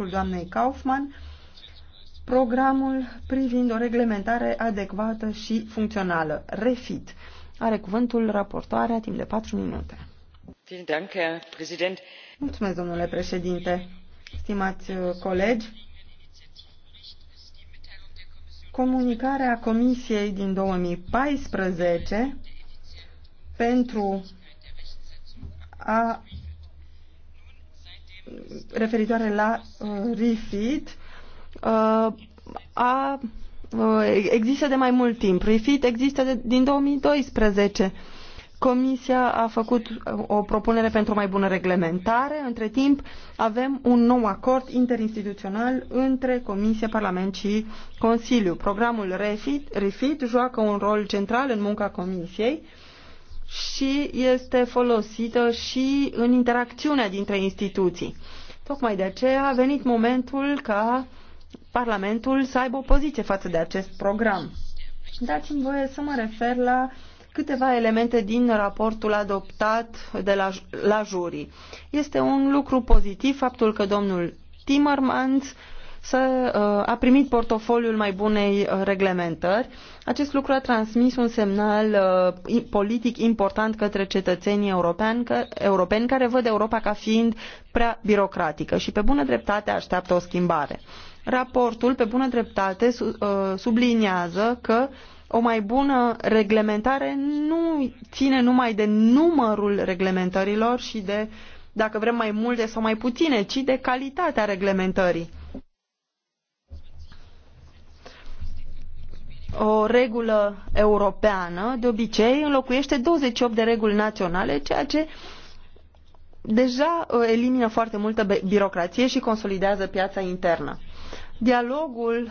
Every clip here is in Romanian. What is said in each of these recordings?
textul doamnei Kaufmann programul privind o reglementare adecvată și funcțională, REFIT. Are cuvântul raportoarea timp de 4 minute. Mulțumesc, domnule președinte. Stimați uh, colegi, comunicarea Comisiei din 2014 pentru a referitoare la uh, refit uh, a, uh, există de mai mult timp. Refit există de, din 2012. Comisia a făcut uh, o propunere pentru mai bună reglementare. Între timp, avem un nou acord interinstituțional între Comisie, Parlament și Consiliu. Programul Refit, Refit joacă un rol central în munca Comisiei uh, și este folosită și în interacțiunea dintre instituții. Tocmai de aceea a venit momentul ca Parlamentul să aibă o poziție față de acest program. Dați-mi voie să mă refer la câteva elemente din raportul adoptat de la, la jurii. Este un lucru pozitiv faptul că domnul Timmermans să uh, a primit portofoliul mai bunei uh, reglementări. Acest lucru a transmis un semnal uh, politic important către cetățenii europeni, că, europeni care văd Europa ca fiind prea birocratică și pe bună dreptate așteaptă o schimbare. Raportul, pe bună dreptate, subliniază că o mai bună reglementare nu ține numai de numărul reglementărilor și de dacă vrem mai multe sau mai puține, ci de calitatea reglementării. o regulă europeană de obicei înlocuiește 28 de reguli naționale, ceea ce deja ă, elimină foarte multă birocrație și consolidează piața internă. Dialogul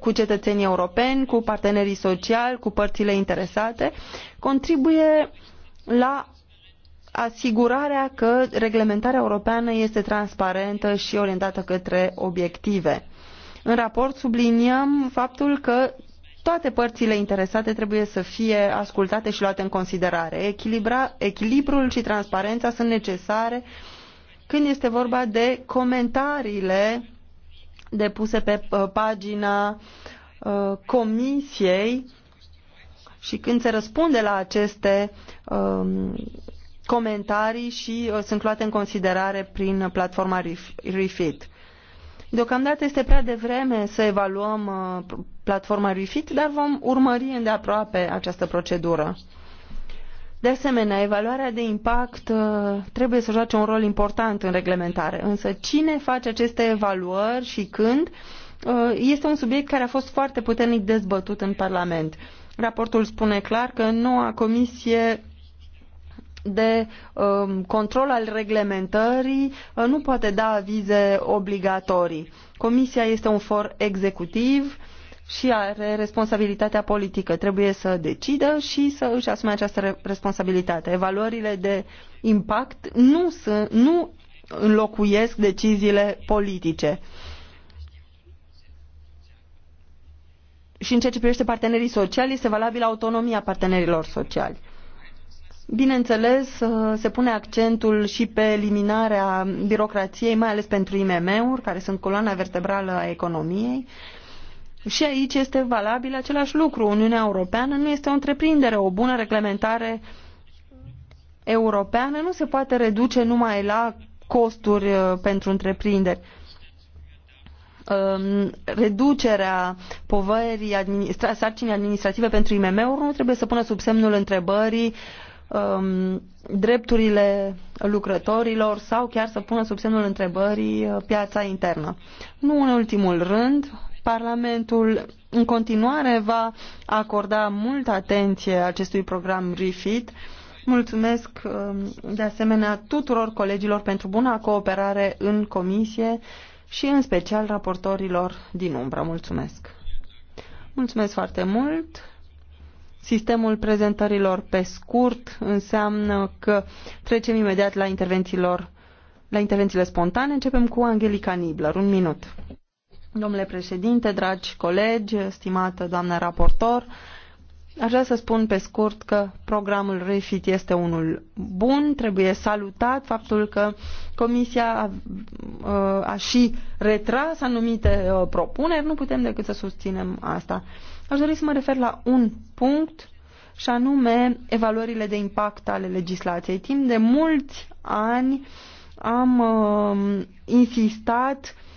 cu cetățenii europeni, cu partenerii sociali, cu părțile interesate, contribuie la asigurarea că reglementarea europeană este transparentă și orientată către obiective. În raport subliniem faptul că toate părțile interesate trebuie să fie ascultate și luate în considerare. Echilibra, echilibrul și transparența sunt necesare când este vorba de comentariile depuse pe uh, pagina uh, comisiei și când se răspunde la aceste um, comentarii și uh, sunt luate în considerare prin platforma Refit. Deocamdată este prea devreme să evaluăm uh, platforma REFIT, dar vom urmări îndeaproape această procedură. De asemenea, evaluarea de impact uh, trebuie să joace un rol important în reglementare, însă cine face aceste evaluări și când uh, este un subiect care a fost foarte puternic dezbătut în Parlament. Raportul spune clar că noua comisie de um, control al reglementării uh, nu poate da avize obligatorii. Comisia este un for executiv uh, și are responsabilitatea politică. Trebuie să decidă și să își asume această responsabilitate. Evaluările de impact nu, sunt, nu înlocuiesc deciziile politice. Și în ceea ce privește partenerii sociali, este valabilă autonomia partenerilor sociali. Bineînțeles, se pune accentul și pe eliminarea birocrației, mai ales pentru IMM-uri, care sunt coloana vertebrală a economiei. Și aici este valabil același lucru. Uniunea Europeană nu este o întreprindere, o bună reglementare europeană nu se poate reduce numai la costuri uh, pentru întreprinderi. Um, reducerea povării administra- sarcinii administrative pentru IMM-uri nu trebuie să pună sub semnul întrebării um, drepturile lucrătorilor sau chiar să pună sub semnul întrebării uh, piața internă. Nu în ultimul rând, Parlamentul în continuare va acorda multă atenție acestui program REFIT. Mulțumesc um, de asemenea tuturor colegilor pentru buna cooperare în comisie și în special raportorilor din umbră. Mulțumesc! Mulțumesc foarte mult! Sistemul prezentărilor pe scurt înseamnă că trecem imediat la intervențiilor la intervențiile spontane. Începem cu Angelica Nibler. Un minut. Domnule președinte, dragi colegi, stimată doamnă raportor, aș vrea să spun pe scurt că programul REFIT este unul bun, trebuie salutat faptul că Comisia a, a și retras anumite uh, propuneri, nu putem decât să susținem asta. Aș dori să mă refer la un punct și anume evaluările de impact ale legislației. Timp de mulți ani am uh, insistat uh,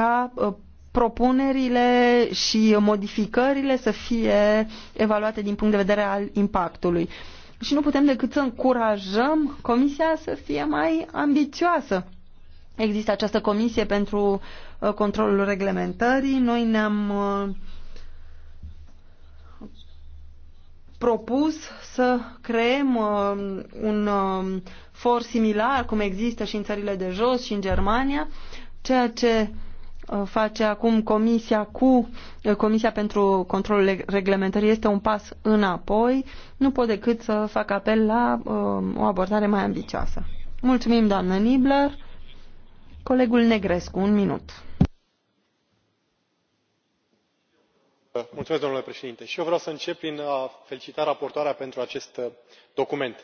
ca uh, propunerile și modificările să fie evaluate din punct de vedere al impactului. Și nu putem decât să încurajăm Comisia să fie mai ambițioasă. Există această Comisie pentru uh, controlul reglementării. Noi ne-am uh, propus să creăm un for similar, cum există și în țările de jos și în Germania, ceea ce Uh, face acum Comisia cu uh, Comisia pentru Controlul Reglementării este un pas înapoi. Nu pot decât să fac apel la uh, o abordare mai ambicioasă. Mulțumim, doamnă Nibler. Colegul Negrescu, un minut. Mulțumesc, domnule președinte și eu vreau să încep prin a felicita raportoarea pentru acest document.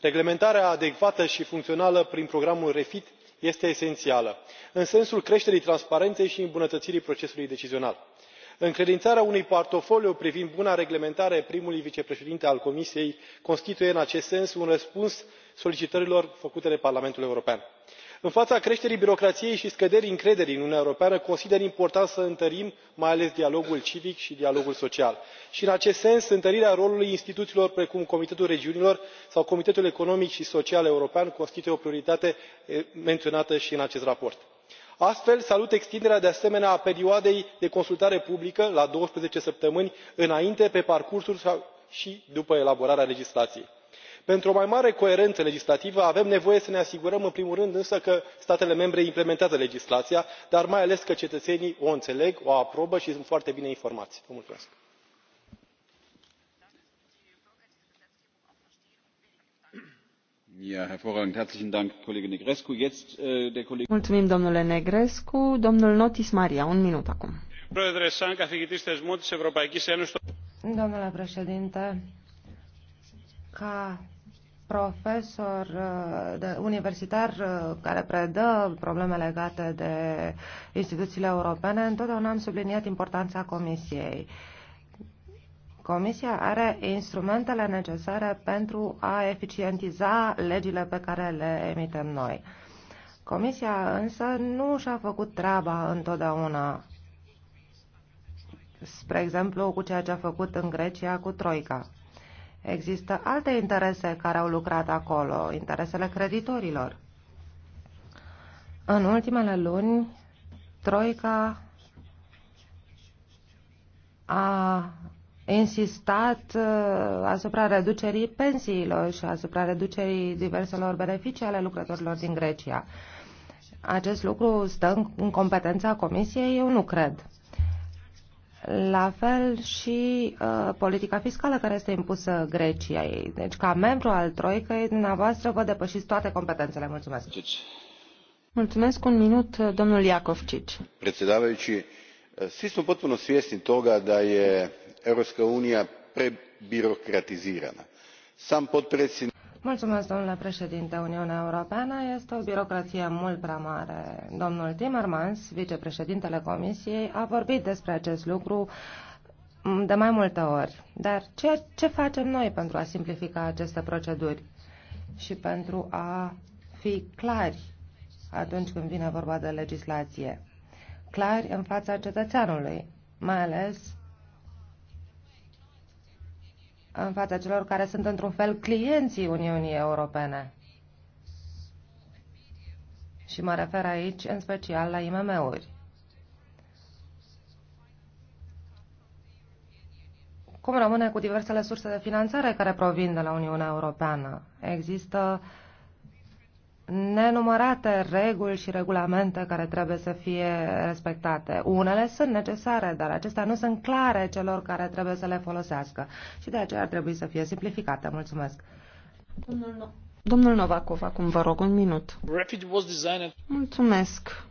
reglementarea adecvată și funcțională prin programul refit este esențială în sensul creșterii transparenței și îmbunătățirii procesului decizional. încredințarea unui portofoliu privind buna reglementare primului vicepreședinte al comisiei constituie în acest sens un răspuns solicitărilor făcute de parlamentul european în fața creșterii birocrației și scăderii încrederii în uniunea europeană consider important să întărim mai ales dialogul civic și dialogul social și în acest sens întărirea rolului instituțiilor precum comitetul regiunilor sau comitetul economic și social european constituie o prioritate menționată și în acest raport. astfel salut extinderea de asemenea a perioadei de consultare publică la doisprezece săptămâni înainte pe parcursul și după elaborarea legislației pentru o mai mare coerență legislativă avem nevoie să ne asigurăm în primul rând însă că statele membre implementează legislația dar mai ales că cetățenii o înțeleg o aprobă și sunt foarte bine informați. Äh, mulțumim domnule negrescu. domnul notis maria un minut acum. domnule președinte profesor uh, de, universitar uh, care predă probleme legate de instituțiile europene, întotdeauna am subliniat importanța Comisiei. Comisia are instrumentele necesare pentru a eficientiza legile pe care le emitem noi. Comisia însă nu și-a făcut treaba întotdeauna, spre exemplu cu ceea ce a făcut în Grecia cu Troica. Există alte interese care au lucrat acolo, interesele creditorilor. În ultimele luni, Troica a insistat uh, asupra reducerii pensiilor și asupra reducerii diverselor beneficii ale lucrătorilor din Grecia. Acest lucru stă în competența Comisiei? Eu nu cred. La fel și uh, politica fiscală care este impusă Greciei. Deci, ca membru al Troicăi, dumneavoastră vă depășiți toate competențele. Mulțumesc. Mulțumesc. Un minut, domnul Iakovčić. Predsjedavajući, svi uh, smo potpuno svjesni toga da je Europska unija prebirokratizirana. Sam potpredsjednik Mulțumesc, domnule președinte. Uniunea Europeană este o birocrație mult prea mare. Domnul Timmermans, vicepreședintele Comisiei, a vorbit despre acest lucru de mai multe ori. Dar ce, ce facem noi pentru a simplifica aceste proceduri și pentru a fi clari atunci când vine vorba de legislație? Clari în fața cetățeanului, mai ales în fața celor care sunt într-un fel clienții Uniunii Europene. Și mă refer aici în special la IMM-uri. Cum rămâne cu diversele surse de finanțare care provin de la Uniunea Europeană? Există uh, nenumărate reguli și regulamente care trebuie să fie respectate. Unele sunt necesare, dar acestea nu sunt clare celor care trebuie să le folosească și de aceea ar trebui să fie simplificate. Mulțumesc. Domnul, no Domnul Novakov, acum vă rog un minut. was designed... Mulțumesc.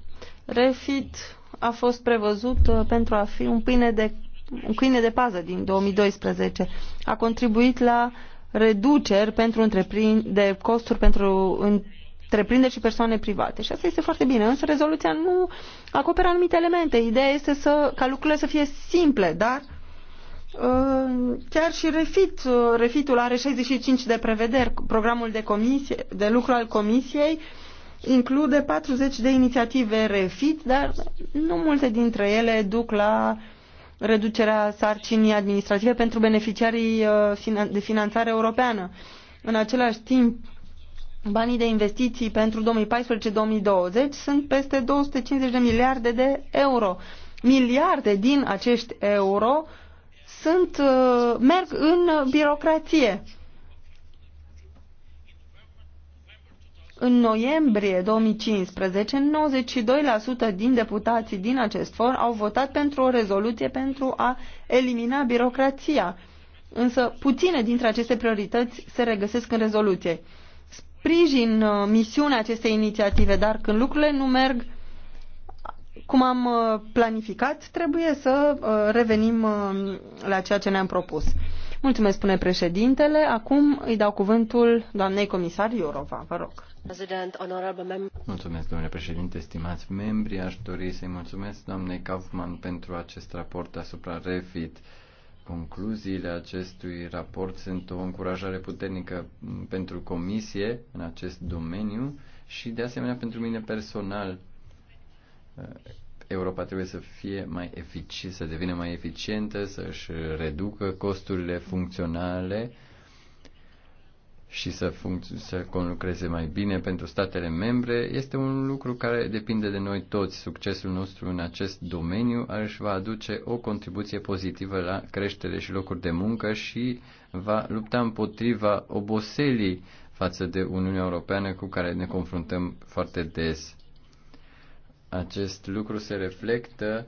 Refit a fost prevăzut uh, pentru a fi un pâine de un câine de pază din 2012. A contribuit la reduceri pentru întreprind, de costuri pentru întreprinderi și persoane private. Și asta este foarte bine. Însă rezoluția nu acoperă anumite elemente. Ideea este să, ca lucrurile să fie simple, dar uh, chiar și refit, uh, refitul are 65 de prevederi. Programul de, comisie, de lucru al comisiei include 40 de inițiative refit, dar nu multe dintre ele duc la reducerea sarcinii administrative pentru beneficiarii uh, de finanțare europeană. În același timp, Banii de investiții pentru 2014-2020 sunt peste 250 de miliarde de euro. Miliarde din acești euro sunt, uh, merg în birocrație. În noiembrie 2015, 92% din deputații din acest for au votat pentru o rezoluție pentru a elimina birocrația. Însă puține dintre aceste priorități se regăsesc în rezoluție sprijin uh, misiunea acestei inițiative, dar când lucrurile nu merg cum am uh, planificat, trebuie să uh, revenim la ceea ce ne-am propus. Mulțumesc, spune președintele. Acum îi dau cuvântul doamnei comisar Iorova. Vă rog. Mulțumesc, domnule președinte, stimați membri. Aș dori să-i mulțumesc doamnei Kaufman pentru acest raport asupra REFIT. Concluziile acestui raport sunt o încurajare puternică pentru comisie în acest domeniu și de asemenea pentru mine personal. Europa trebuie să fie mai eficientă, să devină mai eficientă, să și reducă costurile funcționale și să, să conlucreze mai bine pentru statele membre este un lucru care depinde de noi toți. Succesul nostru în acest domeniu își va aduce o contribuție pozitivă la creștere și locuri de muncă și va lupta împotriva oboselii față de Uniunea Europeană cu care ne confruntăm foarte des. Acest lucru se reflectă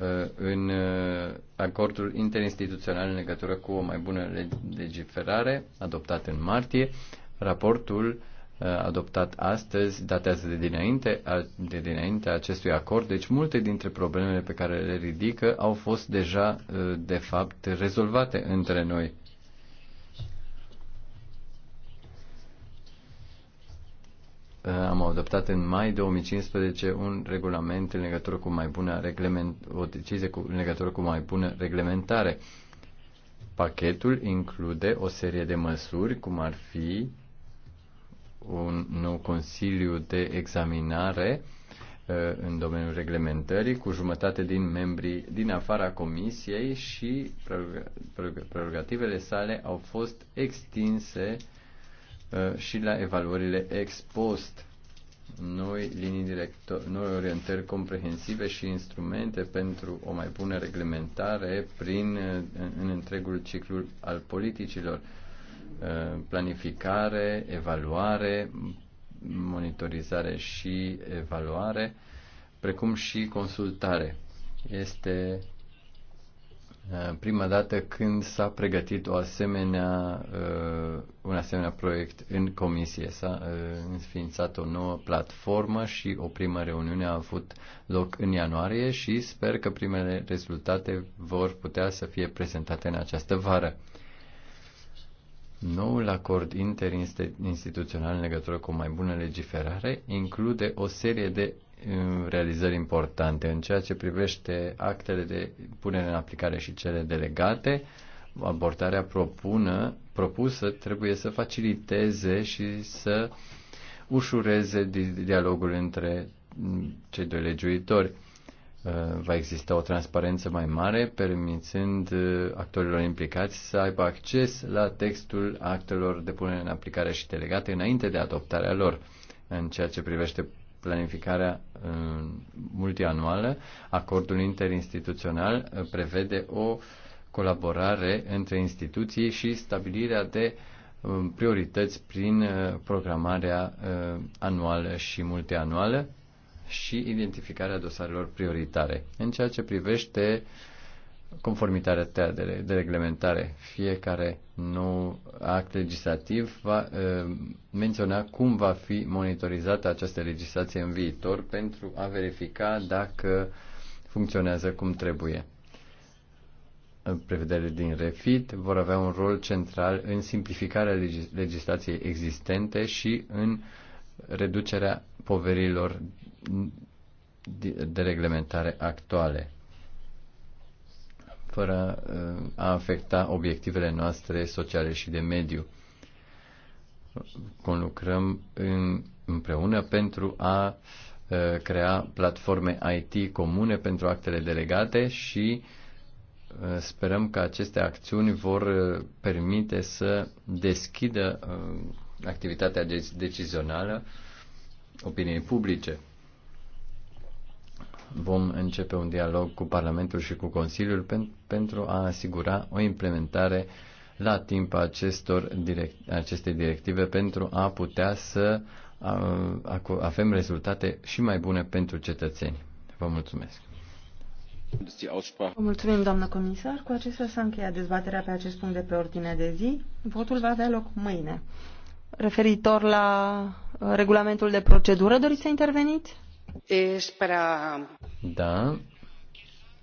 Uh, în uh, acordul interinstituțional în legătură cu o mai bună legiferare, adoptat în martie. Raportul uh, adoptat astăzi datează de dinainte, de dinainte acestui acord, deci multe dintre problemele pe care le ridică au fost deja, de fapt, rezolvate între noi. Uh, am adoptat în mai 2015 un regulament în legătură cu mai bună reglement, o decizie cu, în legătură cu mai bună reglementare. Pachetul include o serie de măsuri, cum ar fi un nou consiliu de examinare uh, în domeniul reglementării, cu jumătate din membrii din afara comisiei și prerogativele sale au fost extinse Uh, și la evaluările ex post, noi linii director, noi orientări comprehensive și instrumente pentru o mai bună reglementare prin, uh, în întregul ciclu al politicilor, uh, planificare, evaluare, monitorizare și evaluare, precum și consultare. Este Eh, prima dată când s-a pregătit o asemenea, eh, un asemenea proiect în comisie. S-a eh, înființat o nouă platformă și o primă reuniune a avut loc în ianuarie și sper că primele rezultate vor putea să fie prezentate în această vară. Noul acord interinstituțional în legătură cu o mai bună legiferare include o serie de realizări importante. În ceea ce privește actele de punere în aplicare și cele delegate, abordarea propună, propusă trebuie să faciliteze și să ușureze dialogul între cei doi legiuitori. Uh, va exista o transparență mai mare, permițând uh, actorilor implicați să aibă acces la textul actelor de punere în aplicare și delegate înainte de adoptarea lor. În ceea ce privește planificarea uh, multianuală, acordul interinstituțional uh, prevede o colaborare între instituții și stabilirea de uh, priorități prin programarea anuală și multianuală și identificarea dosarelor prioritare. În ceea ce privește uh, conformitatea de, de reglementare. Fiecare nou act legislativ va uh, menționa cum va fi monitorizată această legislație în viitor pentru a verifica dacă funcționează cum trebuie. Prevederile din REFIT vor avea un rol central în simplificarea legislației existente și în reducerea poverilor de reglementare actuale fără uh, a afecta obiectivele noastre sociale și de mediu. Conlucrăm în, împreună pentru a uh, crea platforme IT comune pentru actele delegate și uh, sperăm că aceste acțiuni vor permite să deschidă activitatea decizională opiniei publice vom începe un dialog cu Parlamentul și cu Consiliul pen, pentru a asigura o implementare la timp a acestor direct, aceste directive pentru a putea să avem rezultate și mai bune pentru cetățeni. Vă mulțumesc! Vă mulțumim, doamnă comisar. Cu acestea s-a încheiat dezbaterea pe acest punct de pe ordine de zi. Votul va avea loc mâine. Referitor la uh, regulamentul de procedură, doriți să interveniți? Da,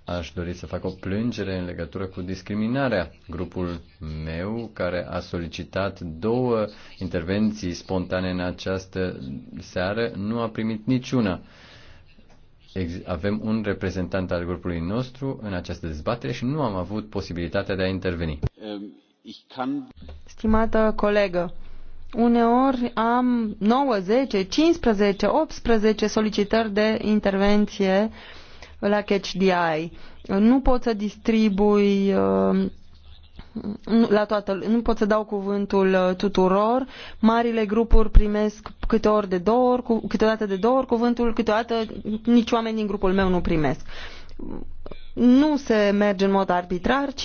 aș dori să fac o plângere în legătură cu discriminarea. Grupul meu, care a solicitat două intervenții spontane în această seară, nu a primit niciuna. Avem un reprezentant al grupului nostru în această dezbatere și nu am avut posibilitatea de a interveni. Ehm, Stimată colegă, uneori am 9, 10, 15, 18 solicitări de intervenție la CatchDI. Nu pot să distribui uh, la toată, nu pot să dau cuvântul uh, tuturor. Marile grupuri primesc câte ori de două ori, câteodată de două ori cuvântul, câteodată nici oameni din grupul meu nu primesc. Nu se merge în mod arbitrar, ci